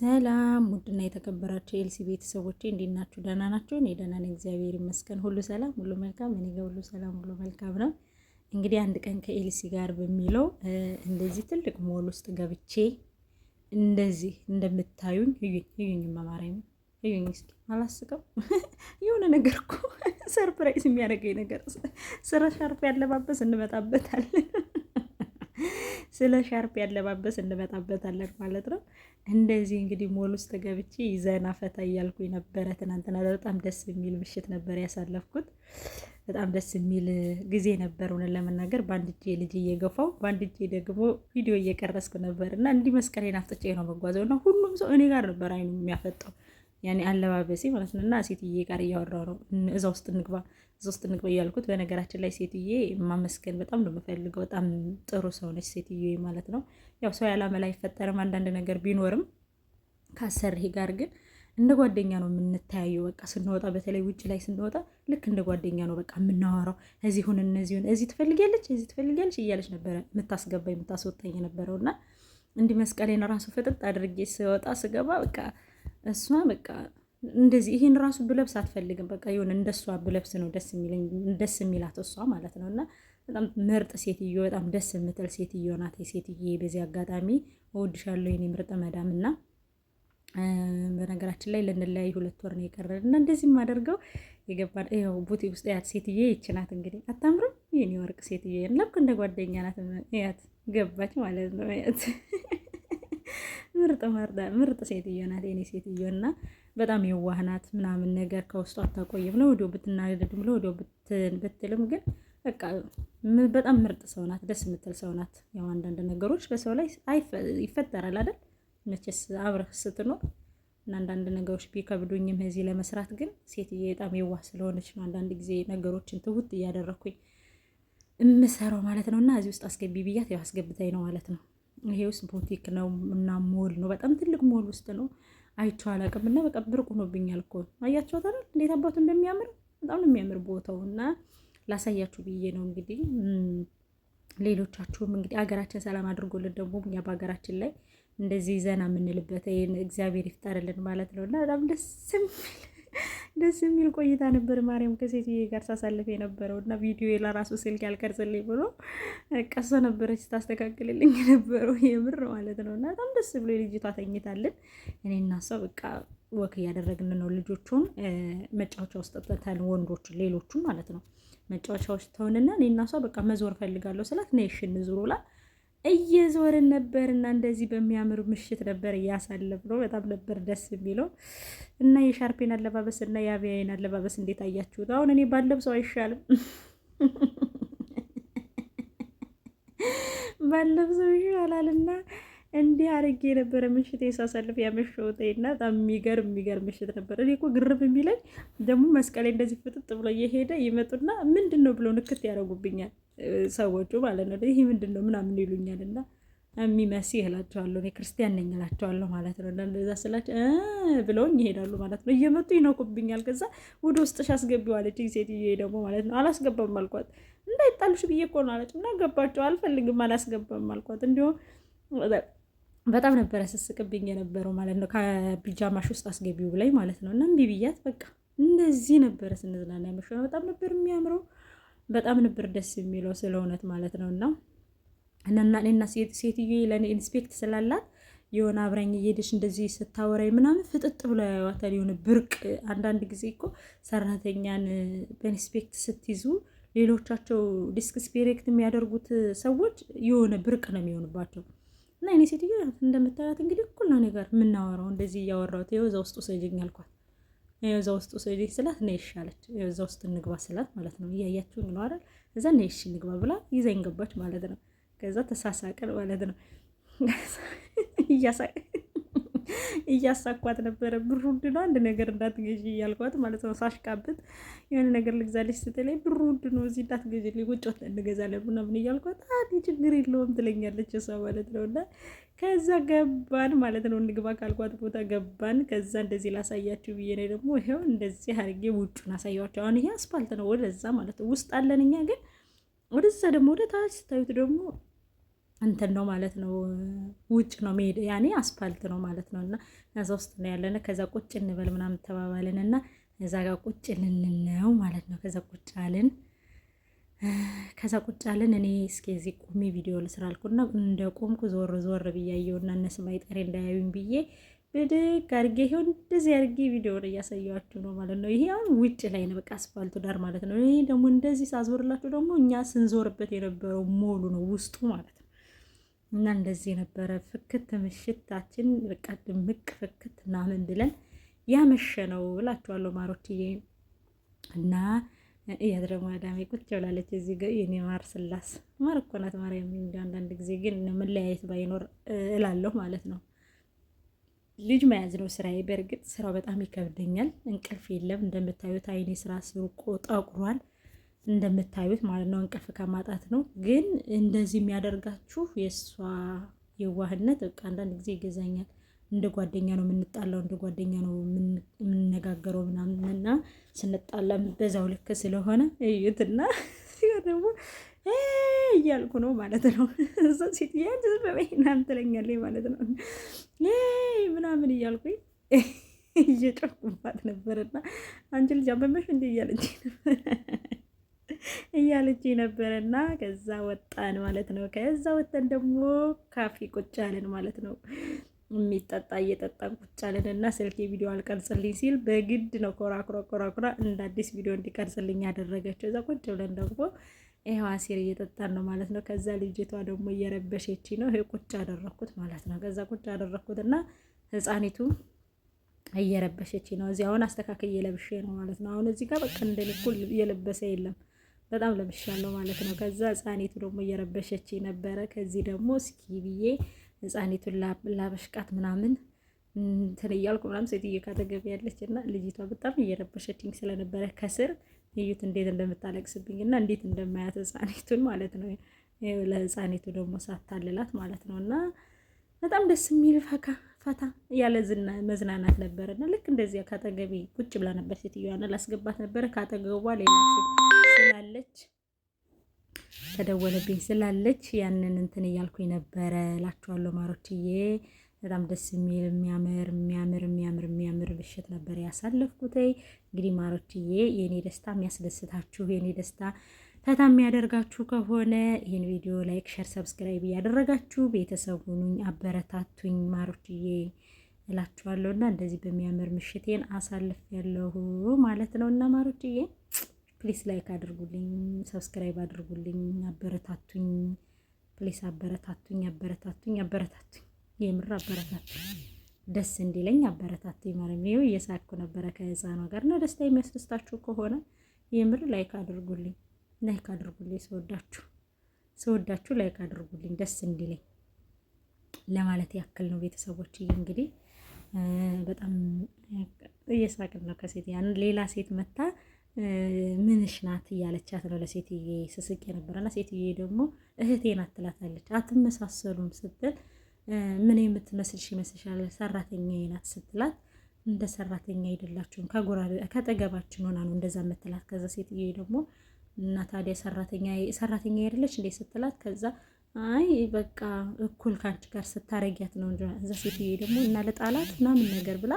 ሰላም ውድና የተከበራችሁ የኤልሲ ቤተሰቦች እንዴት ናችሁ? ደህና ናችሁ? እኔ ደህና ነኝ፣ እግዚአብሔር ይመስገን። ሁሉ ሰላም፣ ሁሉ መልካም። እኔ ጋር ሁሉ ሰላም፣ ሁሉ መልካም ነው። እንግዲህ አንድ ቀን ከኤልሲ ጋር በሚለው እንደዚህ ትልቅ ሞል ውስጥ ገብቼ እንደዚህ እንደምታዩኝ እዩኝ፣ እዩኝ፣ መማሪያ ነው እዩኝ። እስኪ አላስቀም የሆነ ነገር እኮ ሰርፕራይዝ የሚያደርገኝ ነገር ስራ ሻርፕ ያለባበስ እንመጣበታለን ስለ ሻርፕ ያለባበስ እንመጣበታለን ማለት ነው። እንደዚህ እንግዲህ ሞል ውስጥ ገብቼ ይዘና ፈታ እያልኩ ነበረ። ትናንትና በጣም ደስ የሚል ምሽት ነበር ያሳለፍኩት። በጣም ደስ የሚል ጊዜ ነበር። እውነት ለመናገር በአንድ እጄ ልጅ እየገፋው በአንድ እጄ ደግሞ ቪዲዮ እየቀረስኩ ነበር እና እንዲህ መስቀሌን አፍጥጬ ነው መጓዘው እና ሁሉም ሰው እኔ ጋር ነበር አይኑ የሚያፈጣው ያኔ አለባበሴ ማለት ነው። እና ሴትዬ ጋር እያወራው ነው እዛ ውስጥ እንግባ ሶስት ውስጥ እንግባ እያልኩት። በነገራችን ላይ ሴትዬ ማመስገን በጣም ነው የምፈልገው። በጣም ጥሩ ሰው ነች ሴትዬ ማለት ነው። ያው ሰው ያላመላ አይፈጠርም። አንዳንድ ነገር ቢኖርም ከአሰሪ ጋር ግን እንደ ጓደኛ ነው የምንተያየው። በቃ ስንወጣ በተለይ ውጭ ላይ ስንወጣ ልክ እንደ ጓደኛ ነው በቃ የምናወራው። እነዚህ ሁን፣ እዚህ ትፈልጊያለች፣ እዚህ ትፈልጊያለች እያለች ነበረ የምታስገባ የምታስወጣኝ የነበረው እና እንዲህ መስቀሌን ራሱ ፍጥጥ አድርጌ ስወጣ ስገባ በቃ እሷ በቃ እንደዚህ ይሄን ራሱ ብለብስ አትፈልግም። በቃ የሆነ እንደሷ ብለብስ ነው ደስ የሚለኝ ደስ የሚላት እሷ ማለት ነው። እና በጣም ምርጥ ሴትዮ፣ በጣም ደስ የምትል ሴትዮ ናት። ሴትዬ በዚህ አጋጣሚ እወድሻለሁ የኔ ምርጥ መዳም እና በነገራችን ላይ ልንለያይ ሁለት ወር ነው የቀረን እና እንደዚህ የማደርገው የገባ ይኸው ቡቲክ ውስጥ ያት ሴትዬ ይች ናት። እንግዲህ አታምርም? የኔ ወርቅ ሴትዬ ልክ እንደ ጓደኛ ናት። ያት ገባች ማለት ነው ያት ምርጥ ምርጥ ሴትዮ ናት የኔ ሴትዮ እና በጣም የዋህ ናት ምናምን ነገር ከውስጡ አታቆይም። ለወዲያው ብትናደድም ወዲ ብትልም ግን በቃ በጣም ምርጥ ሰው ናት። ደስ የምትል ሰው ናት። ያው አንዳንድ ነገሮች በሰው ላይ ይፈጠራል አይደል? መቼስ አብረህ ስትኖር አንዳንድ ነገሮች ቢከብዱኝም እዚህ ለመስራት ግን ሴትዬ በጣም የዋህ ስለሆነች ነው አንዳንድ ጊዜ ነገሮችን ትውት እያደረኩኝ እምሰራው ማለት ነው። እና እዚህ ውስጥ አስገቢ ብያት ያው አስገብታኝ ነው ማለት ነው። ይሄ ውስጥ ቦቲክ ነው እና ሞል ነው፣ በጣም ትልቅ ሞል ውስጥ ነው። አይቼው አላውቅም እና በቃ ብርቅ ሆኖብኛል እኮ አያችኋት ታዲያ እንዴት አባቱ እንደሚያምር በጣም ነው የሚያምር ቦታው እና ላሳያችሁ ብዬ ነው እንግዲህ ሌሎቻችሁም እንግዲህ ሀገራችን ሰላም አድርጎልን ደግሞ እኛ በሀገራችን ላይ እንደዚህ ዘና የምንልበት ይህን እግዚአብሔር ይፍጠርልን ማለት ነው እና በጣም ደስ የሚል ደስ የሚል ቆይታ ነበር። ማርያም ከሴትዬ ጋር ሳሳልፍ የነበረው እና ቪዲዮ ለራሱ ስልክ ያልቀርጽልኝ ብሎ ቀሶ ነበረች ታስተካክልልኝ የነበረው የምር ማለት ነው። እና በጣም ደስ ብሎ ልጅቷ ተኝታለን። እኔ እና እሷ በቃ ወክ እያደረግን ነው። ልጆቹን መጫወቻ ውስጥ ጠጥተን ወንዶች ሌሎቹን ማለት ነው መጫወቻ ውስጥ ተሆንና እኔ እና እሷ በቃ መዞር ፈልጋለሁ ስላት ነይ እሺ እንዙር ብላ እየዞርን ነበር እና እንደዚህ በሚያምር ምሽት ነበር ነው። በጣም ነበር ደስ የሚለው እና የሻርፔን አለባበስ እና የአብያዬን አለባበስ እንዴት አያችሁት? አሁን እኔ ባለብሰው አይሻልም? ባለብሰው ይሻላል እና እንዲህ አድርጌ የነበረ ምሽት የሳሳልፍ ያመሸሁት እና በጣም የሚገርም የሚገርም ምሽት ነበር። እኔ እኮ ግርም የሚለኝ ደግሞ መስቀሌ እንደዚህ ፍጥጥ ብሎ እየሄደ ይመጡና ምንድን ነው ብሎ ንክት ያደርጉብኛል። ሰዎቹ ማለት ነው። ይህ ምንድን ነው ምናምን ይሉኛል እና የሚመሲ እላቸዋለሁ እኔ ክርስቲያን ነኝ እላቸዋለሁ ማለት ነው። እንደዛ ስላቸው ብለውኝ ይሄዳሉ ማለት ነው። እየመጡ ይነቁብኛል። ከዛ ወደ ውስጥሽ አስገቢው አለችኝ ሴትዬ ደግሞ ማለት ነው። አላስገባም አልኳት። እንዳይጣሉሽ ብዬ እኮ ነው አለች እና ገባቸው። አልፈልግም አላስገባም አልኳት። እንዲሁም በጣም ነበረ ስስቅብኝ የነበረው ማለት ነው። ከቢጃማሽ ውስጥ አስገቢው ብላኝ ማለት ነው። እና እምቢ ብያት በቃ እንደዚህ ነበረ ስንዝናና ያመሸ በጣም ነበር የሚያምረው በጣም ነበር ደስ የሚለው ስለ እውነት ማለት ነው እና እነና ሴትዮ ለእኔ ኢንስፔክት ስላላት የሆነ አብራኝ እየሄደች እንደዚህ ስታወራኝ ምናምን ፍጥጥ ብሎ ያዋታል። የሆነ ብርቅ አንዳንድ ጊዜ እኮ ሰራተኛን በኢንስፔክት ስትይዙ ሌሎቻቸው ዲስክስ ፔሬክት የሚያደርጉት ሰዎች የሆነ ብርቅ ነው የሚሆንባቸው እና እኔ ሴትዮ እንደምታያት እንግዲህ እኩል ነው ነገር የምናወራው እንደዚህ እያወራሁት ይኸው እዛ ውስጡ ውሰጅኝ አልኳት። የዛ ውስጥ ስዲ ስላት ነይሽ አለች። የዛ ውስጥ እንግባ ስላት ማለት ነው። እያያችሁ ነው አይደል? እዛ ነይሽ እንግባ ብላ ይዘኝ ገባች ማለት ነው። ከዛ ተሳሳቅን ማለት ነው እያሳቅን እያሳኳት ነበረ። ብሩ ውድ ነው፣ አንድ ነገር እንዳትገዢ እያልኳት ማለት ነው። ሳሽቃብት የሆነ ነገር ልግዛልሽ ስትለኝ ብሩ ውድ ነው፣ እዚህ እንዳትገዢልኝ፣ ውጭ ወጥተን እንገዛለን ምናምን እያልኳት አዲ ችግር የለውም ትለኛለች እሷ ማለት ነው። እና ከዛ ገባን ማለት ነው። እንግባ ካልኳት ቦታ ገባን። ከዛ እንደዚህ ላሳያችሁ ብዬ ነው ደግሞ ይኸው እንደዚህ አድርጌ ውጩን አሳያቸው። አሁን ይሄ አስፋልት ነው፣ ወደዛ ማለት ነው ውስጥ አለን እኛ ግን ወደዛ ደግሞ ወደ ታች ስታዩት ደግሞ እንትን ነው ማለት ነው። ውጭ ነው መሄድ ያኔ አስፋልት ነው ማለት ነው። እና እዛ ውስጥ ነው ያለን። ከዛ ቁጭ እንበል ምናምን ተባባልን እና እዛ ጋር ቁጭ ልንነው ማለት ነው። ከዛ ቁጭ አልን ከዛ ቁጭ አልን። እኔ እስኪ እዚህ ቁሚ ቪዲዮ ልስራ አልኩና እንደ ቆምኩ ዞር ዞር ብያየውና እነስ ማይጠሬ ጠሬ እንዳያዩኝ ብዬ ብድግ አድርጌ ይሄው እንደዚህ አድርጌ ቪዲዮውን እያሳያችሁ ነው ማለት ነው። ይሄ አሁን ውጭ ላይ ነው፣ በቃ አስፋልቱ ዳር ማለት ነው። ይሄ ደግሞ እንደዚህ ሳዞርላችሁ ደግሞ እኛ ስንዞርበት የነበረው ሞሉ ነው ውስጡ ማለት ነው። እና እንደዚህ የነበረ ፍክት ምሽታችን በቃ ድምቅ ፍክት ምናምን ብለን ያመሸ ነው ብላችኋለሁ ማሮችዬ። እና እያት ደግሞ አዳሜ ቁጭ ብላለች እዚህ ጋር የኔ ማር ስላስ ማር እኮ ናት ማርያም። አንዳንድ ጊዜ ግን መለያየት ባይኖር እላለሁ ማለት ነው። ልጅ መያዝ ነው ስራዬ። በእርግጥ ስራው በጣም ይከብደኛል። እንቅልፍ የለም እንደምታዩት አይኔ ስራ ስሩ ጠቁሯል። እንደምታዩት ማለት ነው። እንቅልፍ ከማጣት ነው። ግን እንደዚህ የሚያደርጋችሁ የእሷ የዋህነት በቃ አንዳንድ ጊዜ ይገዛኛል። እንደ ጓደኛ ነው የምንጣላው፣ እንደ ጓደኛ ነው የምንነጋገረው ምናምን እና ስንጣላም በዛው ልክ ስለሆነ እዩትና ደግሞ እያልኩ ነው ማለት ነው። እዛ ሴትዬ በበይናን ትለኛለች ማለት ነው ምናምን እያልኩኝ እየጮኩባት ነበርና አንቺ ልጅ አበመሽ እንዲ እያለች ነበር። እያለች ነበረ እና ከዛ ወጣን ማለት ነው። ከዛ ወጥተን ደግሞ ካፌ ቁጭ አለን ማለት ነው። የሚጠጣ እየጠጣን ቁጭ አለን እና ስልኬ ቪዲዮ አልቀርጽልኝ ሲል በግድ ነው ኮራኩራ ኮራኩራ እንደ አዲስ ቪዲዮ እንዲቀርጽልኝ ያደረገችው። እዛ ቁጭ ብለን ደግሞ ይሄው አሲር እየጠጣን ነው ማለት ነው። ከዛ ልጅቷ ደግሞ እየረበሸች ነው። ይሄ ቁጭ አደረግኩት ማለት ነው። ከዛ ቁጭ አደረግኩት እና ህፃኒቱ እየረበሸች ነው። እዚህ አሁን አስተካክል እየለብሼ ነው ማለት ነው። አሁን እዚህ ጋር በቃ እንደኔ እኩል እየለበሰ የለም። በጣም ለምሻለሁ ማለት ነው። ከዛ ህፃኔቱ ደግሞ እየረበሸች ነበረ። ከዚህ ደግሞ እስኪ ብዬ ህፃኔቱን ላበሽቃት ምናምን እንትን እያልኩ ምናምን ሴትዮ ካጠገብ ያለች እና ልጅቷ በጣም እየረበሸችኝ ስለነበረ ከስር እዩት እንዴት እንደምታለቅስብኝ እና እንዴት እንደማያት ህፃኔቱን ማለት ነው። ለህፃኔቱ ደግሞ ሳታልላት ማለት ነው እና በጣም ደስ የሚል ፈካ ፈታ ያለ ዝና መዝናናት ነበረና ልክ እንደዚያ ካጠገቤ ቁጭ ብላ ነበር ሴትዮዋን ላስገባት ነበረ። ካጠገቧ ሌላ ሴት ስላለች ተደወለብኝ ስላለች ያንን እንትን እያልኩኝ ነበረ እላችኋለሁ ማሮችዬ። በጣም ደስ የሚል የሚያምር የሚያምር የሚያምር የሚያምር ምሽት ነበር ያሳለፍኩት። እንግዲህ ማሮችዬ የኔ ደስታ የሚያስደስታችሁ የኔ ደስታ ፈታ የሚያደርጋችሁ ከሆነ ይህን ቪዲዮ ላይክ፣ ሸር፣ ሰብስክራይብ እያደረጋችሁ ቤተሰቡን አበረታቱኝ ማሮችዬ እላችኋለሁ እና እንደዚህ በሚያምር ምሽቴን አሳልፍ ያለሁ ማለት ነው እና ማሮችዬ ፕሊስ ላይክ አድርጉልኝ፣ ሰብስክራይብ አድርጉልኝ፣ አበረታቱኝ። ፕሊስ አበረታቱኝ፣ አበረታቱኝ፣ አበረታቱኝ። የምር አበረታቱኝ፣ ደስ እንዲለኝ አበረታቱኝ ማለት ነው። እየሳኩ ነበረ ከህፃኗ ጋር እና ደስታ የሚያስደስታችሁ ከሆነ የምር ላይክ አድርጉልኝ፣ ላይክ አድርጉልኝ። ሰወዳችሁ ሰወዳችሁ ላይክ አድርጉልኝ፣ ደስ እንዲለኝ ለማለት ያክል ነው። ቤተሰቦች እንግዲህ በጣም እየሳቅን ነው ከሴት ያን ሌላ ሴት መታ ምንሽ ናት እያለቻት ነው ለሴትዬ ስስቅ የነበረና ሴትዬ ደግሞ እህቴ ናት ትላታለች። አትመሳሰሉም ስትል ምን የምትመስልሽ ይመስልሻል ሰራተኛ ናት ስትላት እንደ ሰራተኛ አይደላችሁም ከጠገባችን ሆና ነው እንደዛ የምትላት። ከዛ ሴትዬ ደግሞ እና ታዲያ ሰራተኛ ሰራተኛ አይደለች እንዴ ስትላት ከዛ አይ በቃ እኩል ከአንቺ ጋር ስታረጊያት ነው እንጂ እዛ ሴትዬ ደግሞ እና ለጣላት ምናምን ነገር ብላ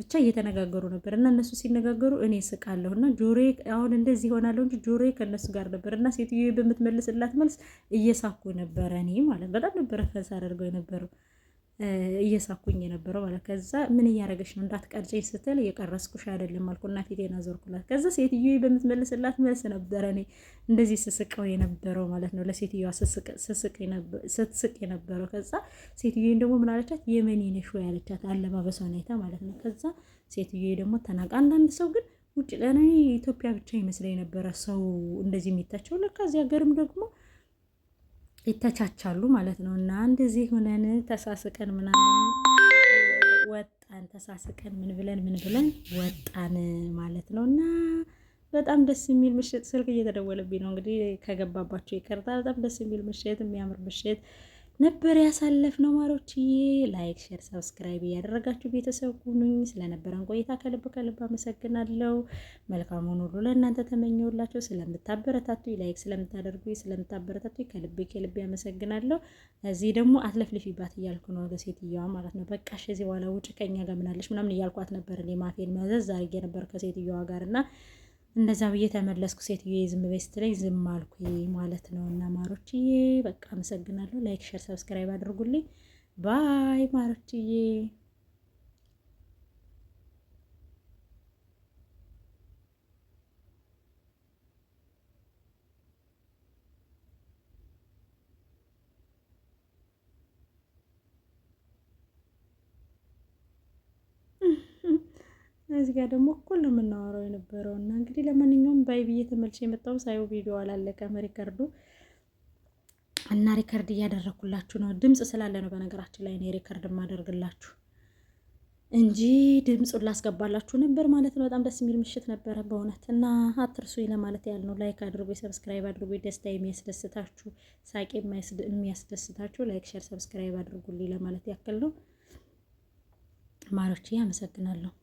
ብቻ እየተነጋገሩ ነበር እና እነሱ ሲነጋገሩ እኔ ስቃለሁ እና ጆሬ አሁን እንደዚህ ይሆናለሁ እንጂ ጆሬ ከእነሱ ጋር ነበር እና ሴትዮ በምትመልስላት መልስ እየሳኩ ነበረ። እኔ ማለት በጣም ነበረ ፈሳ አደርገው የነበረው እየሳኩኝ የነበረው ማለት ከዛ ምን እያደረገች ነው እንዳትቀርጨኝ ስትል እየቀረስኩሽ አይደለም አልኩና ፊቴን አዞርኩላት። ከዛ ሴትዮ በምትመልስላት መልስ ነበረ እኔ እንደዚህ ስስቀው የነበረው ማለት ነው ለሴትዮዋ ስትስቅ የነበረው። ከዛ ሴትዮ ደግሞ ምን አለቻት? የመኔ ነሽ ወይ ያለቻት አለባበሷን ሁኔታ ማለት ነው። ከዛ ሴትዮ ደግሞ ተናቃ። አንዳንድ ሰው ግን ውጭ ለእኔ ኢትዮጵያ ብቻ ይመስለኝ ነበረ ሰው እንደዚህ የሚታቸው ለካ እዚህ ሀገርም ደግሞ ይተቻቻሉ ማለት ነው። እና እንደዚህ ሁነን ተሳስቀን ምናምን ወጣን፣ ተሳስቀን ምን ብለን ምን ብለን ወጣን ማለት ነው እና በጣም ደስ የሚል ምሽት ስልክ እየተደወለብኝ ነው እንግዲህ ከገባባቸው ይቀርታል። በጣም ደስ የሚል ምሽት፣ የሚያምር ምሽት ነበር ያሳለፍ ነው። ማሮችዬ ላይክ፣ ሼር፣ ሰብስክራይብ እያደረጋችሁ ቤተሰብ ሁኑኝ። ስለነበረን ቆይታ ከልብ ከልብ አመሰግናለሁ። መልካሙን ሁሉ ለእናንተ ተመኘውላቸው። ስለምታበረታቱ ላይክ ስለምታደርጉ ስለምታበረታቱ ከልብ ከልብ አመሰግናለሁ። እዚህ ደግሞ አትለፍልፊባት እያልኩ ነው ለሴትዮዋ ማለት ነው። በቃሽ እዚህ በኋላ ውጭ ከኛ ጋር ምናለሽ ምናምን እያልኳት ነበር። እኔ ማፌን መዘዝ አድርጌ ነበር ከሴትዮዋ ጋር እና እንደዛ ብዬ ተመለስኩ። ሴትዮ ዝም በይ ስትለኝ ዝም አልኩ ማለት ነው። እና ማሮችዬ በቃ አመሰግናለሁ። ላይክ፣ ሸር፣ ሰብስክራይብ አድርጉልኝ። ባይ ማሮችዬ ከዚህ ጋር ደግሞ እኩል ነው የምናወራው የነበረው እና እንግዲህ ለማንኛውም ባይ ብዬ ተመልሼ የመጣው ሳይው ቪዲዮ አላለቀም ሪከርዱ እና ሪከርድ እያደረኩላችሁ ነው። ድምፅ ስላለ ነው በነገራችን ላይ እኔ ሪከርድ የማደርግላችሁ እንጂ ድምፁን ላስገባላችሁ ነበር ማለት ነው። በጣም ደስ የሚል ምሽት ነበረ በእውነት እና አትርሱ ለማለት ያህል ነው። ላይክ አድርጎ ሰብስክራይብ አድርጎ ደስታ የሚያስደስታችሁ ሳቄ የሚያስደስታችሁ ላይክ፣ ሼር፣ ሰብስክራይብ አድርጉልኝ ለማለት ያክል ነው። ማሮቼ አመሰግናለሁ።